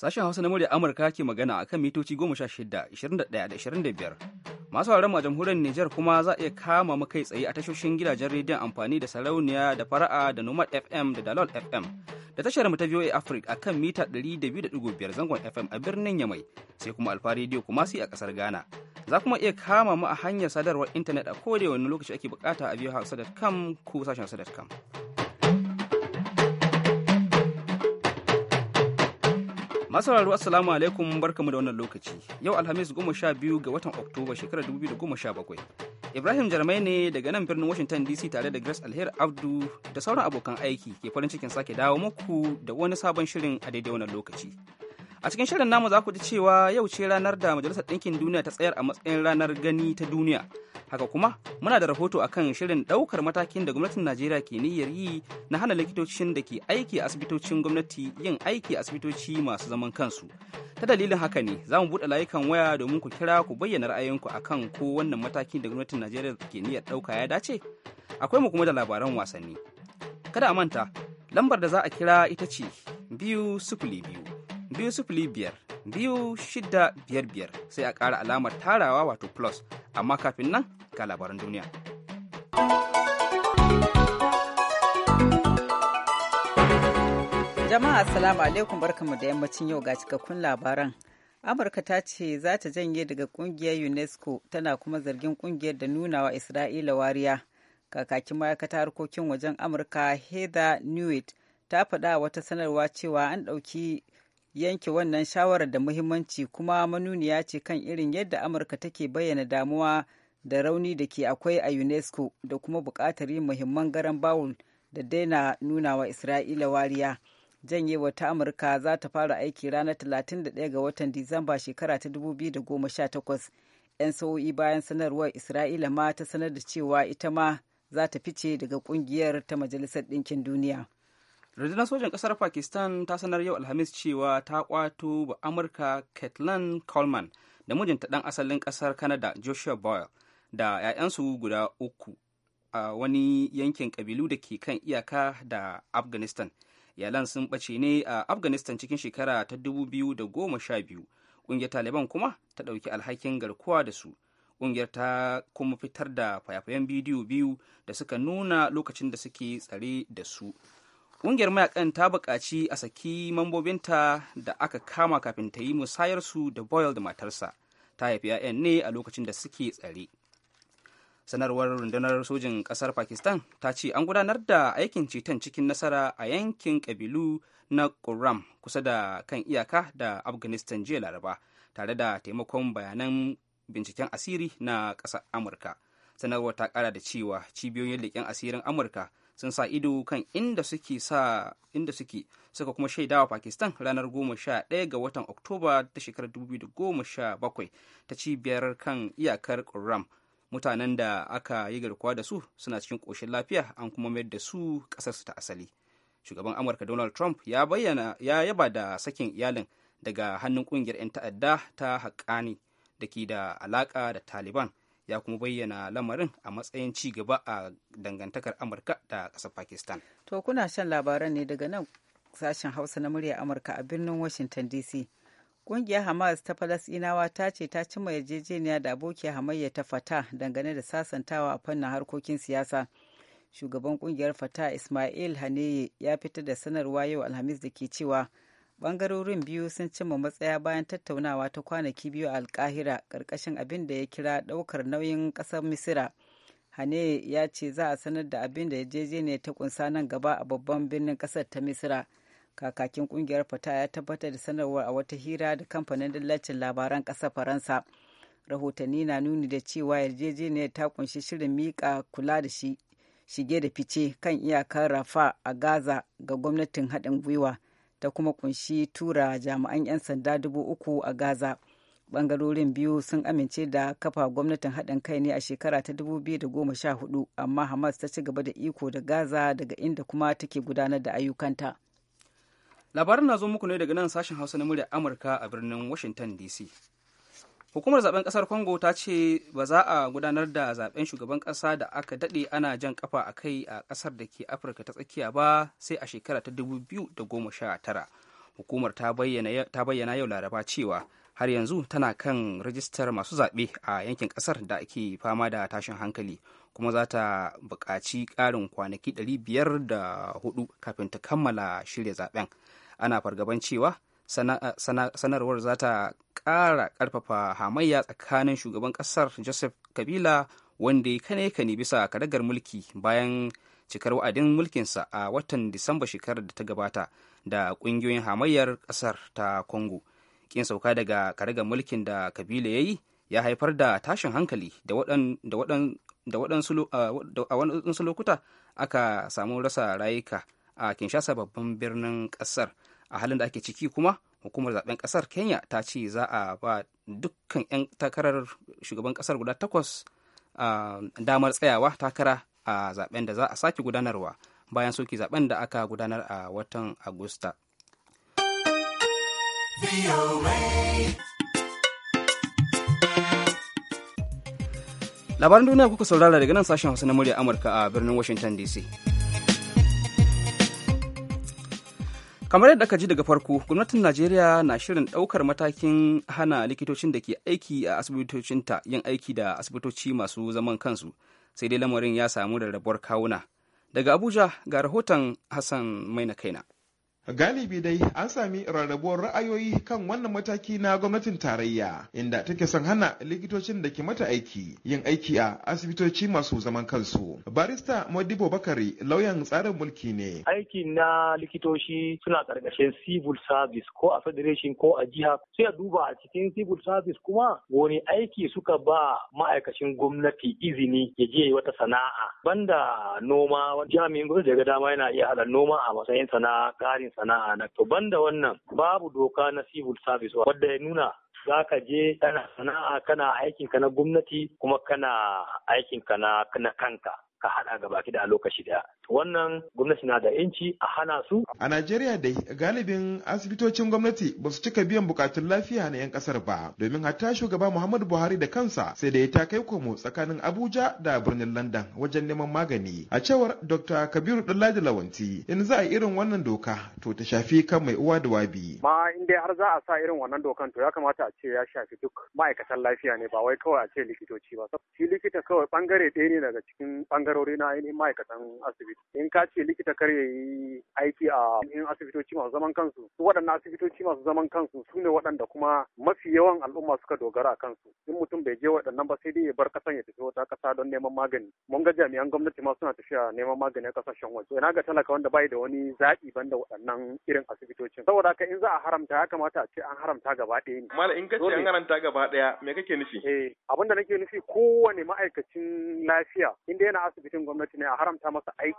Sashen Hausa na murya Amurka ke magana a kan mitoci 16, 21 da 25. Masu sauraron a jamhuriyar Nijar kuma za a iya kama mu kai tsaye a tashoshin gidajen rediyon amfani da sarauniya da fara'a da Nomad FM da Dalol FM. Da tashar mu ta VOA Africa a kan mita 200.5 zangon FM a birnin Yamai sai kuma Alfa rediyo kuma sai a kasar Ghana. Za kuma iya kama mu a hanyar sadarwar intanet a wani lokaci ake bukata a Hausa.com ko sashen hausa.com. masararru Assalamu alaikum barkamu da wannan lokaci. Yau Alhamis goma sha biyu ga watan Oktoba shekarar dubu biyu da goma sha bakwai. Ibrahim Jarmai ne daga nan birnin Washington DC tare da Grace Alheri Abdu da sauran abokan aiki ke farin cikin sake dawo muku da wani sabon shirin a daidai wannan lokaci. A cikin shirin namu za ku ji cewa yau ce ranar da Majalisar Ɗinkin Duniya ta tsayar a matsayin ranar gani ta duniya. Haka kuma muna da rahoto akan shirin ɗaukar matakin da gwamnatin Najeriya ke niyyar yi na hana likitocin da ke aiki a asibitocin gwamnati yin aiki a asibitoci masu zaman kansu. Ta dalilin haka ne za mu buɗe layukan waya domin ku kira ku bayyana ra'ayinku akan ko wannan matakin da gwamnatin Najeriya ke niyyar ɗauka ya dace. Akwai mu kuma da labaran wasanni. Kada a manta, lambar da za a kira ita ce biyu sifili biyu biyu sifili biyar biyu shida biyar biyar sai a ƙara alamar tarawa wato plus amma kafin nan ga labaran duniya. Jama'a Assalamu alaikum barkamu da yammacin yau ga cikakkun labaran. Amurka ta ce za ta janye daga kungiyar UNESCO tana kuma zargin kungiyar da nunawa Isra'ila wariya. Kakakin ma'aikata harkokin wajen Amurka Heather Newitt ta faɗa wata sanarwa cewa an ɗauki yanke wannan shawarar da muhimmanci kuma manuniya ce kan irin yadda amurka take bayyana damuwa da rauni da ke akwai a unesco da kuma buƙatar yin muhimman garan bawul da daina nuna wa isra'ila wariya janyewa ta amurka za ta fara aiki ranar 31 ga watan disamba shekara ta 2018 'yan sa'o'i bayan sanarwar isra'ila ma ta sanar da cewa ita ma za ta fice daga kungiyar ta majalisar ɗinkin duniya rundunar sojan ƙasar pakistan ta sanar yau alhamis cewa ta kwato ba amurka caitlin coleman da mijinta ɗan asalin ƙasar canada joshua boyle da 'ya'yansu guda uku a wani yankin kabilu da ke kan iyaka da afghanistan iyalan sun ɓace ne a afghanistan cikin shekara ta 2012 ƙungiyar taliban kuma ta ɗauki alhakin garkuwa da su ƙungiyar ta kuma fitar da fayafayen bidiyo biyu da suka nuna lokacin da suke tsare da su ƙungiyar mayakan ta buƙaci a saki mambobinta da aka kama kafin ta yi musayarsu da boyle da matarsa ta haifi 'ya'yan ne a lokacin da suke tsare sanarwar rundunar sojin ƙasar pakistan ta ce an gudanar da aikin ceton cikin nasara a yankin ƙabilu na Kuram kusa da kan iyaka da afghanistan jiya laraba tare da taimakon bayanan binciken asiri na ƙasar amurka sanarwar ta ƙara da cewa cibiyoyin leƙen asirin amurka sun sa ido kan inda suke sa inda suke suka kuma shaidawa pakistan ranar 11 ga watan oktoba ta shekarar 2017 ta cibiyar kan iyakar kurram mutanen da aka yi garkuwa da su suna cikin ƙoshin lafiya an kuma mayar da su ƙasarsu ta asali shugaban amurka donald trump ya bayyana ya yaba da sakin iyalin daga hannun ƙungiyar 'yan ta'adda ta haƙƙani da ke da alaƙa da taliban ya kuma bayyana lamarin a matsayin ci gaba a dangantakar amurka da ƙasar pakistan to kuna shan labaran ne daga nan sashen hausa na murya amurka a birnin washington dc Ƙungiyar Hamas ta Falasɗinawa ta ce ta cimma yarjejeniya da abokiyar hamayya ta Fata dangane da sasantawa a fannin harkokin siyasa. Shugaban ƙungiyar Fata Ismail Haneye ya fitar da sanarwa yau Alhamis da ke cewa bangarorin biyu sun cimma matsaya bayan tattaunawa ta kwanaki biyu a alkahira ƙarƙashin abin da ya kira ɗaukar nauyin ƙasar misira hane ya ce za a sanar da abin da yarjejeniyar ta kunsa nan gaba a babban birnin ƙasar ta misira kakakin ƙungiyar fata ya tabbatar da sanarwar a wata hira da kamfanin dillacin labaran ƙasar faransa rahotanni na nuni da cewa yarjejeniyar ta kunshi shirin miƙa kula da shi shige da fice kan iyakar rafa a gaza ga gwamnatin haɗin gwiwa ta kuma kunshi tura jami'an 'yan sanda dubu uku a gaza bangarorin biyu sun amince da kafa gwamnatin haɗin kai ne a shekara ta 2014 amma hamas ta ci gaba da iko da gaza daga inda kuma take gudanar da ayyukanta labarin na zo muku ne daga nan sashen hausa na murya amurka a birnin washington dc hukumar zaben kasar congo ta ce ba za a gudanar da zaben shugaban kasa da aka dade ana jan kafa a kai a kasar da ke afirka ta tsakiya ba sai a shekara ta 2019 hukumar ta bayyana yau laraba cewa har yanzu tana kan rajistar masu zaɓe a yankin ƙasar da ake fama da tashin hankali kuma za ta buƙaci ƙarin kwanaki da 504 kafin ta kammala shirya zaɓen ana fargaban cewa Eh, sanarwar za ta ƙara ƙarfafa hamayya tsakanin shugaban ƙasar joseph kabila wanda ya kane kane bisa karagar mulki bayan cikar wa'adin mulkinsa a watan disamba shekarar da ta gabata da ƙungiyoyin hamayyar ƙasar ta congo ƙin sauka daga kadagar mulkin da kabila ya yi ya haifar da tashin hankali da eh, waɗansu lokuta aka samu rasa rayuka a kinshasa babban birnin ƙasar a halin da ake ciki kuma hukumar zaben kasar kenya ta ce za a ba dukkan 'yan takarar shugaban kasar guda takwas damar tsayawa takara a zaben da za a sake gudanarwa bayan soke zaben da aka gudanar a watan agusta labaran duniya kuka saurara daga nan sashen hausa na murya amurka a birnin washington dc kamar yadda aka ji daga farko gwamnatin najeriya na shirin daukar matakin hana likitocin da ke aiki a asibitocinta yin aiki da asibitoci masu zaman kansu sai dai lamarin ya samu da rabuwar kawuna daga abuja ga rahoton hassan mai na kaina Galibi dai an sami rarrabuwar ra'ayoyi kan wannan mataki na gwamnatin tarayya inda take son hana likitocin da ke mata aiki yin aiki a asibitoci masu zaman kansu. Barista Modibo Bakari lauyan tsarin mulki ne. Aiki na likitoci suna karkashin civil service ko a federation ko a jiha sai a duba a cikin civil service kuma wani aiki suka ba ma'aikacin gwamnati izini ya je wata sana'a banda noma jami'in gwamnati daga dama yana iya haɗa noma a matsayin sana'a karin sana'a na to banda wannan babu doka na civil service wadda ya nuna za ka je kana sana'a kana aikinka na gwamnati kuma kana aikinka na kanka ka haɗa baki da lokaci daya wannan gwamnati na da yanci a hana su a najeriya dai galibin asibitocin gwamnati ba su cika biyan bukatun lafiya na 'yan kasar ba domin hatta shugaba muhammadu buhari da kansa sai da ya ta kai komo tsakanin abuja da birnin london wajen neman magani a cewar dr kabiru Dallaji lawanti in za a irin wannan doka to ta shafi kan mai uwa da wabi ma in dai har za a sa irin wannan dokan to ya kamata a ce ya shafi duk ma'aikatan lafiya ne ba wai kawai a ce likitoci ba shi likita kawai bangare ɗaya ne daga cikin bangare ɓangarori na ainihin ma'aikatan asibiti in ka ce likita kar ya yi aiki a ainihin asibitoci masu zaman kansu su waɗannan asibitoci masu zaman kansu su ne waɗanda kuma mafi yawan al'umma suka dogara a kansu in mutum bai je waɗannan ba sai dai ya bar kasan ya tafi wata ƙasa don neman magani mun ga jami'an gwamnati ma suna tafiya neman magani a ƙasashen waje ina ga talaka wanda bai da wani zaɓi ban da waɗannan irin asibitocin saboda haka in za a haramta ya kamata a ce an haramta gaba ɗaya ne mala in ka ce an haramta gaba ɗaya me kake nufi eh abin da nake nufi kowane ma'aikacin lafiya inda yana asibitin gwamnati ne a haramta masa aiki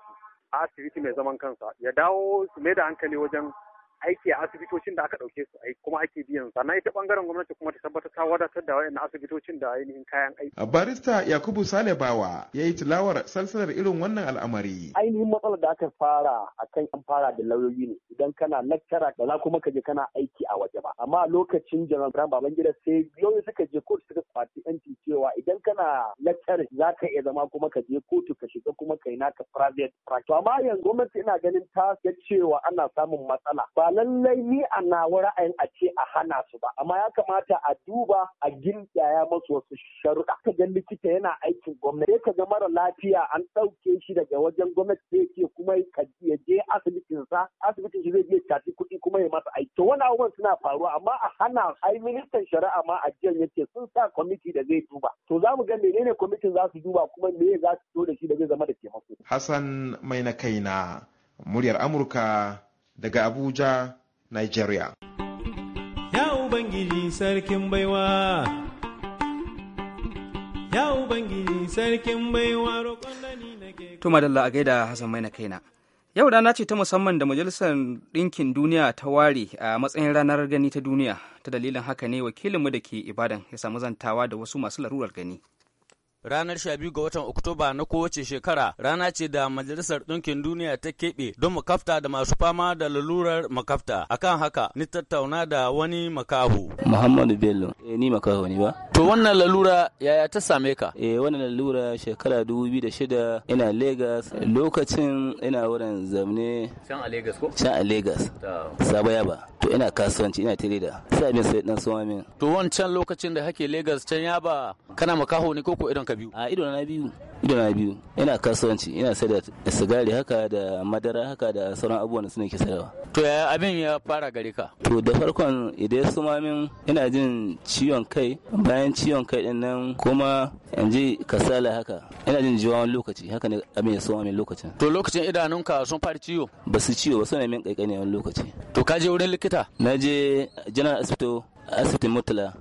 a asibiti mai zaman kansa ya dawo su mai da hankali wajen aiki a asibitocin da aka ɗauke su aiki kuma ake biyan su sannan ita bangaren gwamnati kuma ta tabbatar ta wadatar da wayannan asibitocin da ainihin kayan aiki. a barista yakubu bawa ya yi tilawar salsalar irin wannan al'amari. ainihin matsalar da aka fara akan an fara da lauyoyi ne idan kana lakcara da za kuma ka je kana aiki a waje ba amma lokacin baban gida sai lauyoyi suka je kotu suka kwaci yanci cewa idan kana lakcara za ka iya zama kuma ka je kotu ka shiga kuma yi naka private practice amma yanzu gwamnati ina ganin ta ga cewa ana samun matsala ba lallai ni a nawa ra'ayin a ce a hana su ba amma ya kamata a duba a gindaya masu wasu sharuɗa ka ga likita yana aikin gwamnati ka ga mara lafiya an ɗauke shi daga wajen gwamnati zai ke kuma ya je asibitin sa asibitin shi zai je tafi kuɗi kuma ya masa aiki to wani abubuwan suna faruwa amma a hana ai ministan shari'a ma a jiyan yace sun sa kwamiti da zai duba to za mu ga menene kwamitin za su duba kuma me za su so da shi da zai zama da taimako Hassan mai na kaina muryar Amurka daga Abuja, Nigeria. Ya Ubangiji sarkin baiwa, ya Ubangiji sarkin baiwa roƙon da ni na gaida Hassan kaina. Yau rana ce ta musamman da Majalisar Ɗinkin Duniya ta ware a matsayin ranar gani ta duniya, ta dalilin haka ne wakilinmu da ke Ibadan ya samu zantawa da wasu masu larurar gani. Ranar 12 ga watan Oktoba na kowace shekara rana ce da Majalisar Ɗinkin Duniya ta keɓe don makafta da masu fama da lalurar makafta. Akan haka ni tattauna da wani makaho. Muhammadu Bello, eh, ni makaho ne ba? To wannan lalura yaya ta same ka? Eh wannan lalura shekara 2006 ina Legas. lokacin ina wurin zamne. Can a Legas ko? Can a Lagos. Sabaya ba. To ina kasuwanci ina tirida. Sai abin sai dan suwa min. To wancan lokacin da hake Legas can ya ba kana makaho ne ko ko idan ka biyu a ido na biyu ido na biyu ina kasuwanci ina sai da sigari haka da madara haka da sauran abubuwan da su ke sayarwa to yaya abin ya fara gare ka to da farkon idan ya suma min ina jin ciwon kai bayan ciwon kai din nan kuma in ji kasala haka ina jin jiwa wani lokaci haka ne abin ya suma min lokacin to lokacin idanunka sun fara ciwo ba su ciwo ba suna min kaikai ne wani lokaci to ka je wurin likita na je general hospital asibiti mutula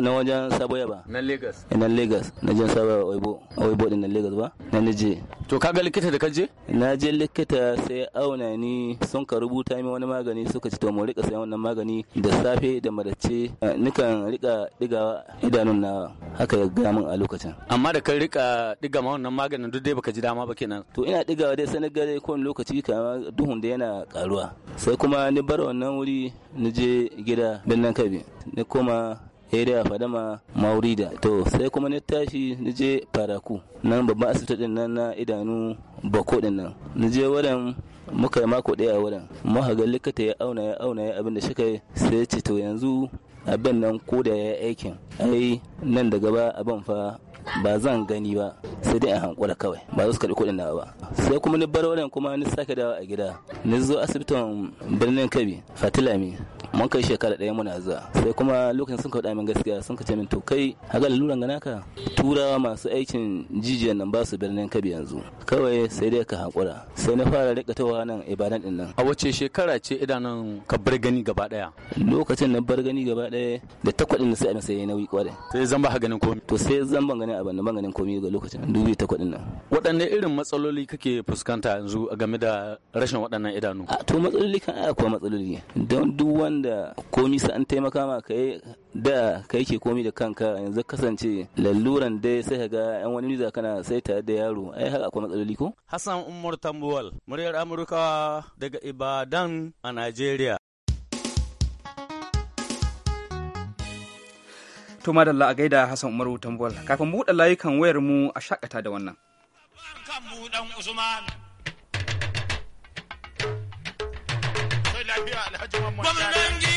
na wajen sabo yaba na lagos na lagos na jan sabo yaba oibo oibo din na lagos ba na nije to ga likita da kaje na je likita sai auna ni sun ka rubuta min wani magani suka ce to mu rika sayan wannan magani da safe da madace eh, nikan rika digawa idanun na haka ya ga min a lokacin amma da kan rika diga ma wannan maganin duk dai baka ji dama ba kenan to ina digawa dai sai na ga kowane lokaci kamar duhun da yana karuwa sai kuma ni bar wannan wuri ni je gida nan kabi ni koma area fadama maurida to sai kuma na tashi na je faraku nan babban asibiti din nan na idanu bako din nan na je wurin muka mako daya a wurin muka ga likita ya auna ya auna ya abin da shi kai sai ce to yanzu abin nan ko da ya aikin ai nan da gaba abin fa ba zan gani ba sai dai a hankula kawai ba za su karɓi kuɗin nawa ba sai kuma ni bar wurin kuma ni sake dawo a gida ni zo asibitin birnin kabi fatilami mun kai shekara ɗaya muna zuwa sai kuma lokacin sun kaɗa min gaskiya sun ka ce min to kai Haga laluran gana ka turawa masu aikin jijiyan nan ba su birnin kabi yanzu kawai sai dai ka hankula. sai na fara rika tawa nan ibadan din nan a wace shekara ce idanun ka bar gani gaba ɗaya lokacin na bar gani gaba ɗaya da takwaɗin da sai a masa nauyi kwarai sai zan ba ganin komai to sai zan ban ganin wallahi ban da maganin komai ga lokacin dubi ta kuɗin nan waɗanne irin matsaloli kake fuskanta yanzu game da rashin waɗannan idanu a to matsaloli kan aya kuwa matsaloli don duk wanda komi sa'an an taimaka ma kai da kai ke komi da kanka yanzu kasance laluran dai sai ga yan wani niza kana sai tare da yaro ai haka akwai matsaloli ko Hassan Umar Tambuwal muryar Amurka daga Ibadan a Najeriya To madalla a gaida Hassan Umaru Tambol. Kafin buɗe layukan wayar mu a shakata da wannan. Gwamnan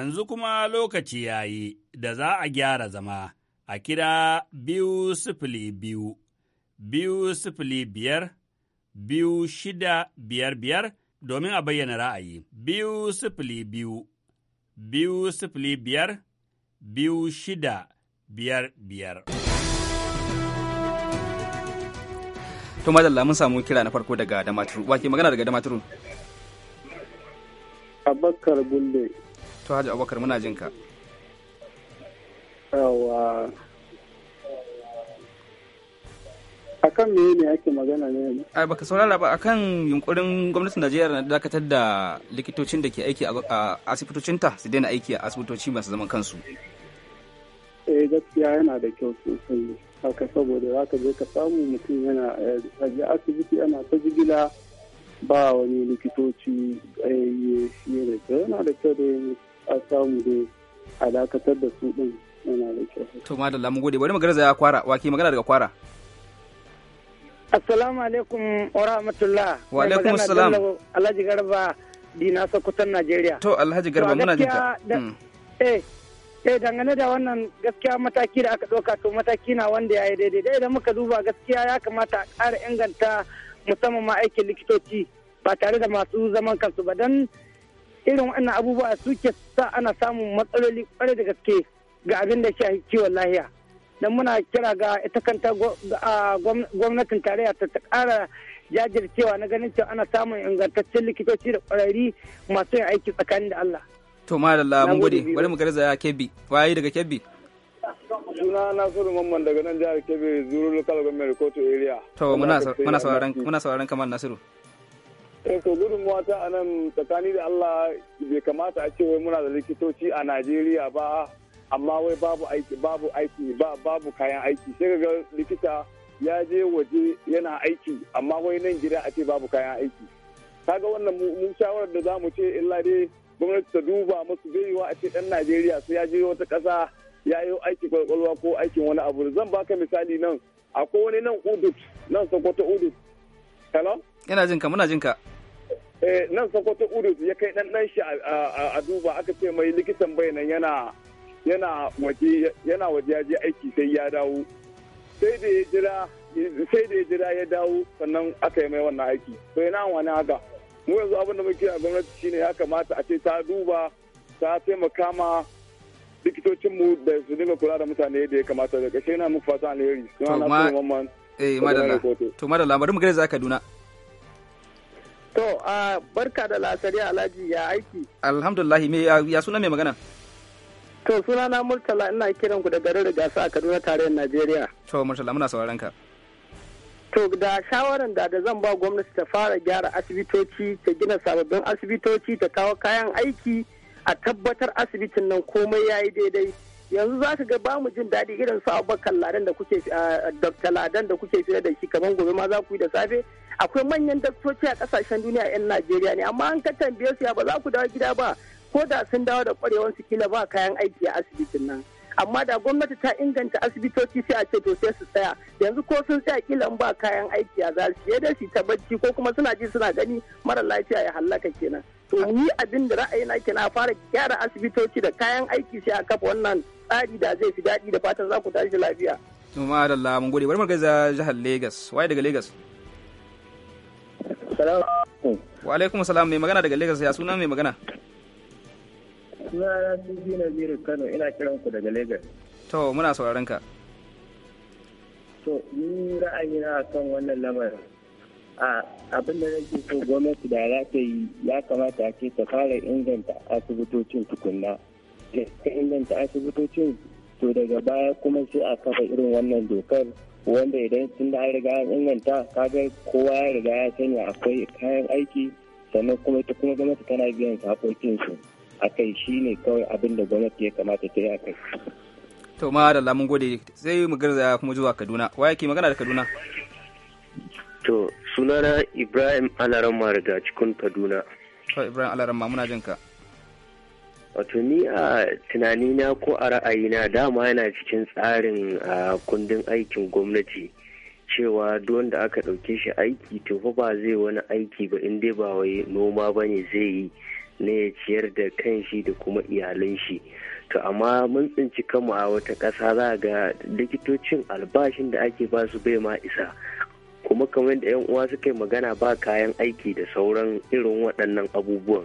yanzu kuma lokaci ya yi da za a gyara zama a kira biyu sifili biyu, biyu sifili biyar, biyu shida biyar biyar domin a bayyana ra'ayi, biyu sifili biyu, biyu sifili biyar, biyu shida biyar biyar. To madalla mun samu kira na farko daga Damaturu, wake magana daga Damaturu. Abakar Bulle. to Haji Abubakar muna jin ka yawa akan me ne ake magana ne ai baka saurara ba akan yunkurin gwamnatin Najeriya na dakatar da likitocin da ke aiki a asibitocinta su daina aiki a asibitoci masu zaman kansu eh gaskiya yana da kyau sosai haka saboda za ka je ka samu mutum yana eh, aje asibiti ana ta jigila ba wani likitoci fiye eh, da yana da kyau da a samu da a dakatar da su din yana da kyau. To madalla mun gode bari magana ya kwara ke magana daga kwara. Assalamu alaikum wa rahmatullah. Wa alaikum assalam. Alhaji Garba Dina Sokoton Najeriya. To Alhaji Garba muna jinka. Mm. Eh eh dangane da wannan gaskiya mataki da aka ɗauka to mataki na wanda ya yi daidai da idan muka duba gaskiya ya kamata a ƙara inganta musamman ma aikin likitoci ba tare da masu zaman kansu ba don irin wannan abubuwa suke sa ana samun matsaloli kwarai da gaske ga abin da shi kiwon lahiya dan muna kira ga ita kanta gwamnatin tarayya ta kara jajircewa na ganin cewa ana samun ingantaccen likitoci da kwararri masu yin aiki tsakanin da Allah. To madalla mun gode bari mu ya Kebbi waye daga Kebbi. Suna suru Mamman daga nan jihar Kebbi Zuru Local Government Kotu Area. To muna sauraron kamar Nasiru. eh to gudun wata a nan tsakani da Allah bai kamata a ce wai muna da likitoci a Najeriya ba amma wai babu aiki babu aiki babu kayan aiki sai ga likita ya je waje yana aiki amma wai nan gida a ce babu kayan aiki kaga wannan mu shawarar da zamu ce illa dai gwamnati ta duba musu baiwa a ce dan Najeriya sai ya je wata kasa ya yi aiki kwalkwalwa ko aikin wani abu zan baka misali nan akwai wani nan udut nan sokoto udut hello ina jinka, muna jinka. Eh, nan Sokoto Urus ya kai dan dan shi a duba aka ce mai likitan bayanan yana yana waje yana waje ya je aiki sai ya dawo. Sai da ya jira sai da ya jira ya dawo sannan aka yi mai wannan aiki. To yana wani haka. Mu yanzu abin da muke a gwamnati shine ya kamata a ce ta duba ta taimaka ma likitocinmu da su dinga kula da mutane yadda ya kamata da kashe na muku fata alheri. To ma eh madalla. To madalla bari mu gare za ka duna To, a barka da lasari Alhaji ya aiki. Alhamdulillah, me ya suna mai magana? To, suna na Murtala ina kiran ku da garin da gasa a Kaduna tarayyar Najeriya. To, Murtala muna sauraron ka. To, da shawaran da da zan ba gwamnati ta fara gyara asibitoci, ta gina sababbin asibitoci, ta kawo kayan aiki, a tabbatar asibitin nan komai ya yi daidai. yanzu za ka ga ba mu jin daɗi irin su abubakar ladan da kuke ah, ladan da kuke fiye da shi kamar gobe ma za ku yi da safe akwai manyan daktoci a kasashen duniya 'yan najeriya ne amma an ka tambaye su ya ba za ku dawo gida ba ko da sun dawo da kwarewan su kila ba kayan aiki a asibitin nan amma da gwamnati ta inganta asibitoci sai a ce to sai su tsaya yanzu ko sun tsaya kila ba kayan aiki a za su da su ta bacci ko kuma suna ji suna gani mara lafiya ya hallaka kenan to ni abin da ra'ayi na kenan a fara gyara asibitoci da kayan aiki sai a kafa wannan tsari da zai fi daɗi da fatan za ku tashi da lafiya. Tuma da Allah mun gode bari mu gaza jihar Lagos waye daga Lagos. Salamu alaikum. Wa alaikum salam mai magana daga Lagos ya suna mai magana. Sunana Sufi Naziru Kano ina kiran ku daga Lagos. To muna sauraron ka. To ni ra'ayina kan wannan lamarin. a abin da nake so gwamnati da ya ta yi ya kamata a ce ta fara inganta asibitocin tukunna ta inganta asibitocin to daga baya kuma sai a kafa irin wannan dokar wanda idan sun da an riga an inganta kaga kowa ya riga ya sanya akwai kayan aiki sannan kuma ita kuma gwamnati tana biyan hakokin su akai ne kawai abin da gwamnati ya kamata ta yi akai to ma da lamun gode sai mu garza kuma zuwa Kaduna waye ke magana da Kaduna to sunana Ibrahim Alaramma daga cikin Kaduna to Ibrahim Alaramma muna jin ka wato ni a tunanina ko a ra'ayi na dama yana cikin tsarin kundin aikin gwamnati cewa wanda aka ɗauke shi aiki to fa ba zai wani aiki ba in dai ba wai noma ba ne zai yi na ya ciyar da kan shi da kuma iyalan shi to amma mun tsinci kanmu a wata ƙasa za ga likitocin albashin da ake ba su bai ma isa kuma kamar da yan uwa suka yi magana ba kayan aiki da sauran irin waɗannan abubuwan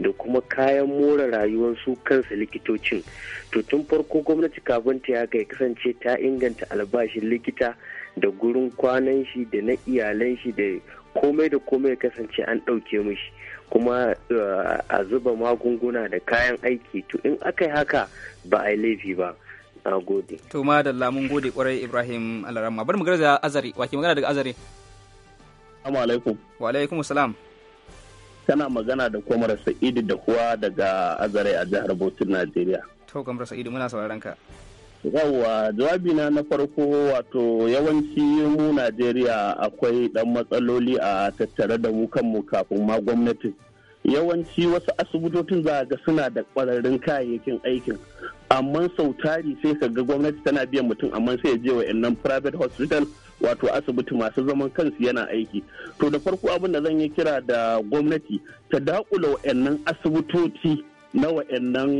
da kuma kayan more rayuwar su kansu likitocin to tun farko gwamnati kafin ta yaka ya kasance ta inganta albashin likita da gurin kwanan shi da na iyalan shi da komai da komai ya kasance an ɗauke mishi kuma eh, a zuba magunguna da kayan aiki to in aka yi haka ba a yi laifi ba na gode to madalla mun gode kwarai ibrahim alarama bari mu da azare wa magana daga azare assalamu alaikum wa alaikum salam. kana magana da kwamar sa'idu da kuwa daga azare a jihar bautin najeriya to kwamar sa'idu muna sauraron ka yawwa jawabina na farko wato yawanci mu najeriya akwai dan matsaloli a tattare da mu kanmu kafin ma gwamnatin yawanci wasu asibitocin za ga suna da kwararrun kayayyakin aikin amma sau tari sai ka ga gwamnati tana biyan mutum amma sai ya je wa nan private hospital wato asibiti masu zaman kansu yana aiki to da farko abin da zan yi kira da gwamnati ta dakula wa'annan asibitoci na wa'annan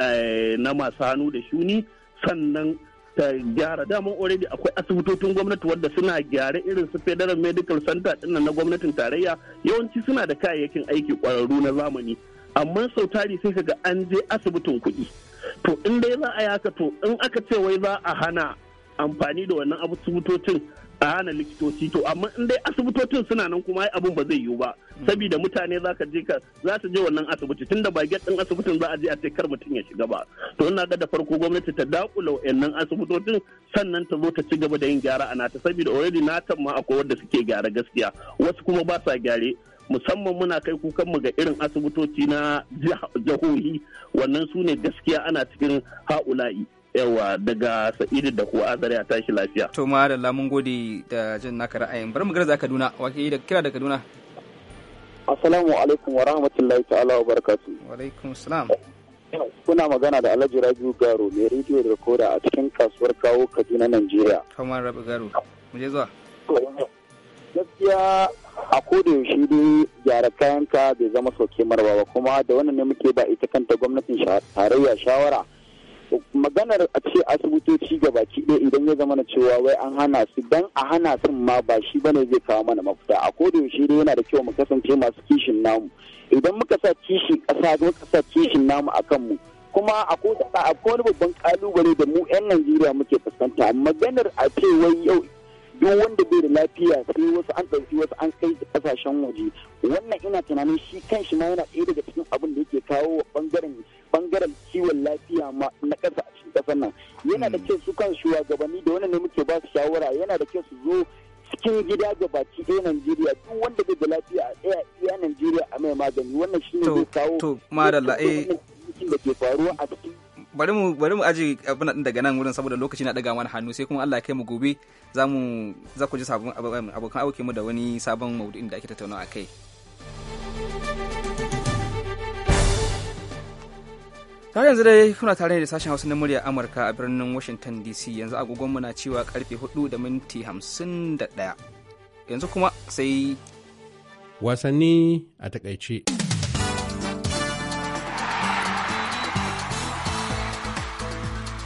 eh, na masu hannu da shuni sannan ta gyara daman already akwai asibitocin gwamnati wadda suna gyara irin su federal medical center din na gwamnatin tarayya yawanci suna da kayayyakin aiki kwararru na zamani amma sau tari sai kaga an je asibitin kuɗi to in dai za a yaka to in aka ce wai za a hana amfani da wannan asibitocin a likitoci to amma in dai asibitocin suna nan kuma abin ba zai yiwu ba hmm. saboda mutane za ka je ka za ta je wannan asibiti tunda ba get din asibitin za a je a ce kar mutum ya shiga ba to ina ga da farko gwamnati ta dakula wayannan asibitocin sannan ta zo ta ci gaba da yin gyara a nata saboda already natan ma akwai wanda suke gyara gaskiya wasu kuma ba sa gyare musamman muna kai kukan mu ga irin asibitoci na jihohi wannan su ne gaskiya ana cikin ha'ula'i yawa daga sa'idu da kuwa azare a tashi lafiya to ma da lamun gode da jin naka ra'ayin bari mu garza kaduna wake da kira da kaduna assalamu alaikum wa rahmatullahi ta'ala wa barakatu wa alaikum salam kuna magana da alhaji rabiu garo mai rediyo da koda a cikin kasuwar kawo kaduna najeriya kamar rabi garo mu je zuwa gaskiya a koda yaushe dai gyara kayanka bai zama sauke marwa ba kuma da wannan ne muke ba ita kanta gwamnatin tarayya shawara maganar a ce asibitoci gabaki ɗaya idan ya zama na cewa wai an hana su dan a hana sun ma ba shi ne zai kawo mana mafita a da yaushe dai yana da kyau mu kasance masu kishin namu idan muka sa kishin ƙasa muka sa kishin namu a kanmu kuma a wani babban kalubale da mu 'yan Najeriya muke fuskanta maganar a ce wai yau duk wanda bai da lafiya sai wasu an ɗauki wasu an kai kasashen waje wannan ina tunanin shi kan shi ma yana ɗaya daga cikin abin da yake kawo bangaren bangaren kiwon lafiya ma na ƙasa a cikin ƙasar nan yana da hmm. kyau su kan shugabanni da wannan ne muke ba su shawara yana da kyau su zo cikin gida ga baki ɗaya Najeriya duk wanda bai da lafiya a tsaya iya Najeriya a mai magani wannan shine zai kawo to madalla eh da ke faruwa bari mu bari mu aji abin nan daga nan wurin saboda lokaci na daga mana hannu sai kuma Allah ya kai mu gobe za mu za ku ji sabon abokan aiki mu da wani sabon maudu'in da ake a kai. tare yanzu dai kuna tare da sashen hausa na murya amurka a birnin washington dc yanzu agogon mu na cewa karfe 4 da minti 51 yanzu kuma sai wasanni a takaice.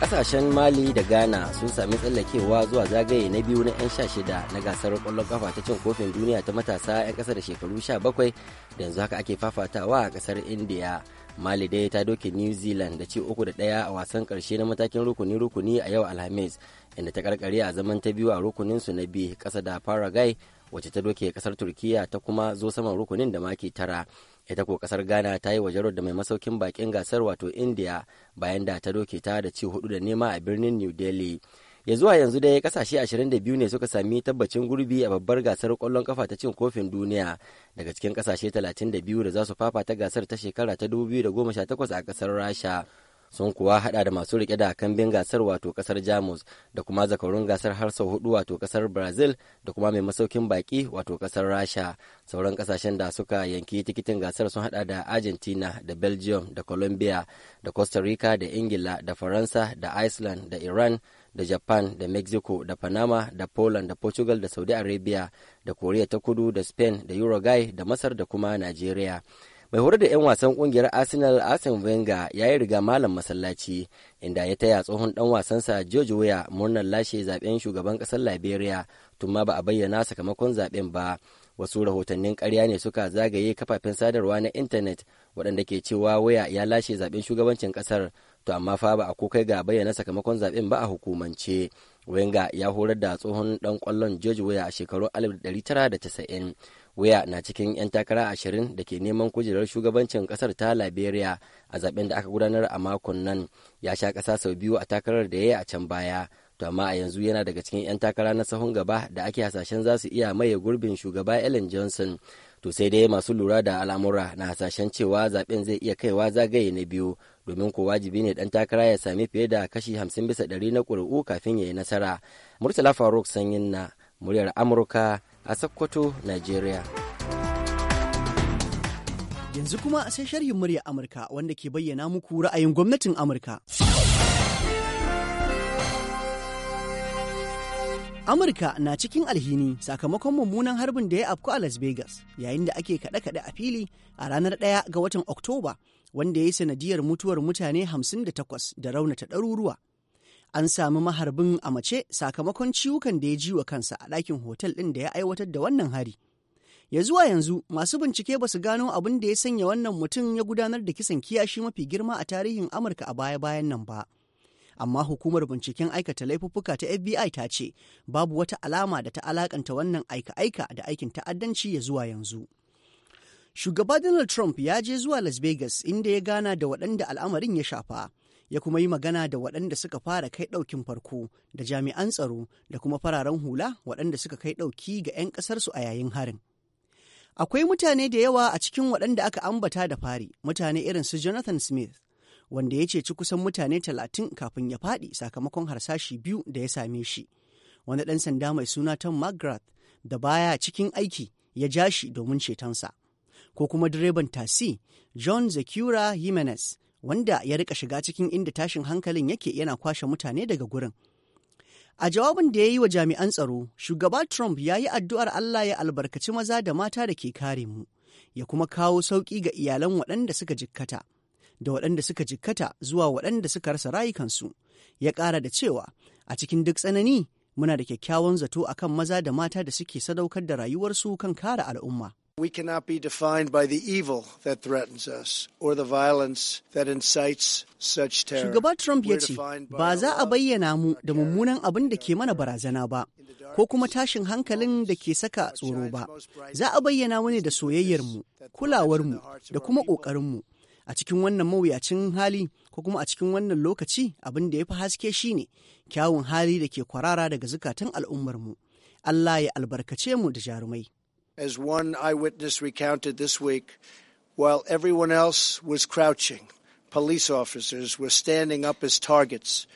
kasashen mali da ghana sun sami tsallakewa zuwa zagaye na biyu na 'yan sha shida na gasar kwallon kafa ta cin kofin duniya ta matasa 'yan kasa da shekaru 17 da yanzu haka ake fafatawa a kasar india mali dai ta doke new zealand da ci uku da daya a wasan karshe na matakin rukuni-rukuni a yau alhamis inda ta karkare a zaman ta biyu a rukunin su na biyu kasa da paraguay wacce ta doke kasar turkiya ta kuma zo saman rukunin da maki tara ita ko kasar ghana ta yi wajarar da mai masaukin bakin gasar wato india bayan da ta doke ta da ci hudu da nema a birnin new delhi ya zuwa yanzu dai kasashe 22 ne suka sami tabbacin gurbi a babbar gasar kwallon kafa ta cin kofin duniya daga cikin kasashe 32 da za su fafata gasar ta shekara ta 2018 a kasar rasha sun kuwa hada da masu rike da kambin gasar wato kasar jamus da kuma zakarun gasar har sau hudu wato kasar brazil da kuma mai masaukin baki wato kasar rasha sauran kasashen da suka yanki tikitin gasar sun hada da argentina da belgium da colombia da costa rica da ingila da faransa da iceland da iran da japan da mexico da panama da poland da portugal da saudi arabia da korea ta kudu da spain da uruguay da masar da kuma nigeria mai horar da 'yan wasan kungiyar arsenal arsene wenger ya yi riga malam masallaci inda ya taya tsohon dan wasansa george weah murnar lashe zaben shugaban kasar liberia tun ba a bayyana sakamakon zaben ba wasu rahotannin karya ne suka zagaye kafafen sadarwa na intanet waɗanda ke cewa waya ya lashe zaben shugabancin ƙasar to amma fa ba a ko kai ga bayyana sakamakon zaben ba a hukumance wenga ya horar da tsohon ɗan kwallon george waya a shekarun 1990 wuya na cikin 'yan takara ashirin da ke neman kujerar shugabancin kasar ta Liberia a zaben da aka gudanar a makon nan ya sha ƙasa sau biyu a takarar da ya yi a can baya. To amma a yanzu yana daga cikin 'yan takara na sahun gaba da ake hasashen za su iya maye gurbin shugaba Ellen Johnson. To sai dai masu lura da al'amura na hasashen cewa zaben zai iya kaiwa zagaye na biyu domin ko wajibi ne dan takara ya sami fiye da kashi hamsin bisa ɗari na kuri'u kafin ya yi nasara. Murtala Faruk Sanyin na muryar Amurka a Sokoto, Najeriya. Yanzu kuma sai sharhin murya Amurka wanda ke bayyana muku ra'ayin gwamnatin Amurka. Amurka na cikin alhini sakamakon mummunan harbin da ya afku a Las Vegas yayin da ake kaɗe-kaɗe a fili a ranar ɗaya ga watan Oktoba wanda ya yi sanadiyar mutuwar mutane 58 da raunata ɗaruruwa. an sami maharbin a mace sakamakon ciwukan da ya ji wa kansa a ɗakin hotel ɗin da ya aiwatar da wannan hari. Ya zuwa yanzu masu bincike ba su gano abin da ya sanya wannan mutum ya gudanar da kisan kiyashi mafi girma a tarihin Amurka a baya-bayan nan ba. Amma hukumar binciken aikata laifuffuka ta FBI ta ce babu wata alama da ta alakanta wannan aika-aika da aikin ta'addanci ya zuwa yanzu. Shugaba Donald Trump ya je zuwa Las Vegas inda ya gana da waɗanda al'amarin ya shafa. ya kuma yi magana da waɗanda suka fara kai ɗaukin farko da jami'an tsaro da kuma fararen hula waɗanda suka kai ɗauki ga 'yan ƙasarsu a yayin harin. Akwai mutane da yawa a cikin waɗanda aka ambata da fari, mutane irin su Jonathan Smith, wanda ya ceci kusan mutane talatin kafin ya faɗi sakamakon harsashi biyu da ya same shi. Wani ɗan sanda mai suna Tom McGrath da baya cikin aiki ya ja shi domin cetonsa. Ko kuma direban tasi John Zakura Jimenez wanda ya rika shiga cikin inda tashin hankalin yake yana kwashe mutane daga gurin. A jawabin da ya yi wa jami'an tsaro, shugaba Trump ya yi addu'ar Allah ya albarkaci maza da mata da ke kare mu, ya kuma kawo sauƙi ga iyalan waɗanda suka jikkata, da waɗanda suka jikkata zuwa waɗanda suka rasa rayukansu. Ya ƙara da cewa, a cikin duk tsanani, muna da kyakkyawan zato a kan maza da mata da suke sadaukar da rayuwarsu kan kare al'umma. We cannot be defined by the evil that threatens us or the violence that incites such terror. Shugaba Trump ya ce, ba za a bayyana mu da mummunan abin da ke mana barazana ba, ko kuma tashin hankalin da ke saka tsoro ba. Za a bayyana mu ne da soyayyarmu, kulawarmu da kuma ƙoƙarinmu. a cikin wannan mawuyacin hali ko kuma a cikin wannan lokaci abin da ya fi haske shi ne, kyawun hali da ke kwarara daga zukatan al'ummarmu. Allah ya albarkace mu da jarumai. as one eyewitness recounted this week, while everyone else was crouching, police officers were standing up as targets.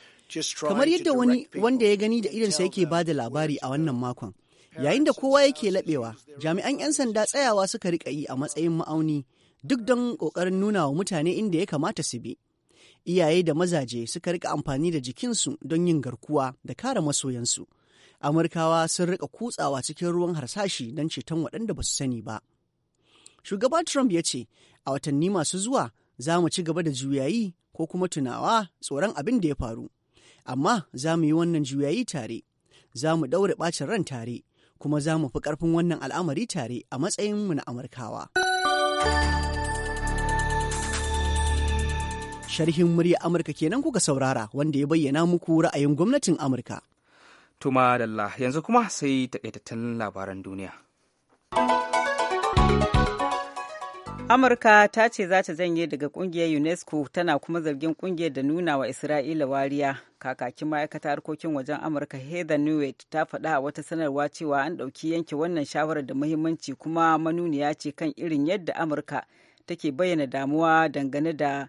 Kamar yadda wani wanda ya gani da irinsa yake ba da labari a wannan makon, yayin da kowa yake laɓewa, jami'an 'yan sanda tsayawa suka riƙa yi a matsayin ma'auni duk don ƙoƙarin nuna wa mutane inda ya kamata su bi. Iyaye da mazaje suka riƙa amfani da jikinsu don yin garkuwa da kare masoyansu. Amurkawa sun rika kutsawa cikin ruwan harsashi don ceton waɗanda ba su sani ba. Shugaba Trump ya ce, a watanni masu zuwa za mu ci gaba da juyayi ko kuma tunawa tsoron abin da ya faru. Amma za mu yi wannan juyayi tare, za mu ɗaure ɓacin ran tare, kuma za mu fi ƙarfin wannan al'amari tare a matsayinmu na Amurkawa. Sharhin murya Amurka kenan kuka saurara wanda ya bayyana muku ra'ayin gwamnatin Amurka. Tuma Dalla yanzu kuma sai takaitattun labaran duniya. Amurka ta ce za ta janye daga kungiyar UNESCO tana kuma zargin kungiyar da nuna wa Isra'ila wariya. Kakakin ma'aikata harkokin wajen Amurka Heather Newt ta faɗa a wata sanarwa cewa an ɗauki yanke wannan shawarar da muhimmanci kuma manuniya ce kan irin yadda Amurka take bayyana damuwa dangane da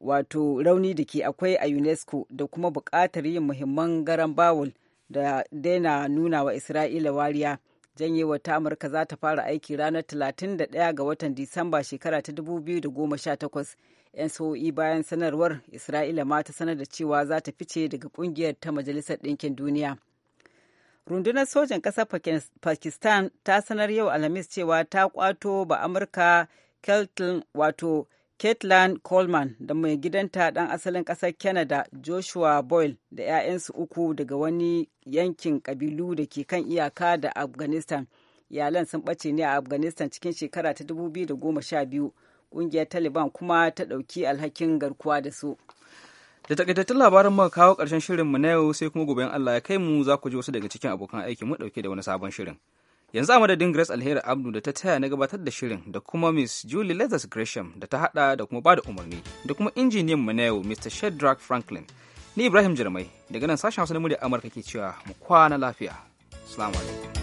wato rauni da ke akwai a UNESCO da kuma buƙatar yin muhimman garan bawul. da daina nuna wa Isra'ila wariya. Janyewar ta Amurka za ta fara aiki ranar 31 ga watan Disamba shekara ta 2018. 'Yan sa'o'i bayan sanarwar Isra'ila ma ta sanar da cewa za ta fice daga kungiyar ta Majalisar Ɗinkin Duniya. Rundunar sojan ƙasar Pakistan ta sanar yau Alhamis cewa ta kwato ba Amurka Kelton wato Caitlin Coleman da mai gidanta ɗan asalin ƙasar Canada Joshua Boyle da 'ya'yansu uku daga wani yankin ƙabilu da ke kan iyaka da Afghanistan. Iyalan sun ɓace ne a Afghanistan cikin shekara ta 2012. Ƙungiyar Taliban kuma ta ɗauki alhakin garkuwa da su. Da takaitattun labarin muka kawo ƙarshen shirinmu na yau sai kuma gobe Allah ya kai mu za ku ji wasu daga cikin abokan aiki mu ɗauke da wani sabon shirin. yanzu a madadin grace alheri abdu da ta taya na gabatar da shirin da kuma miss julie letters gresham da ta hada da kuma bada umarni da kuma injiniyan mu na yau mr shedrack franklin ni ibrahim jarmai daga nan sashen hausa na murya amurka ke cewa mu kwana lafiya salamu alaikum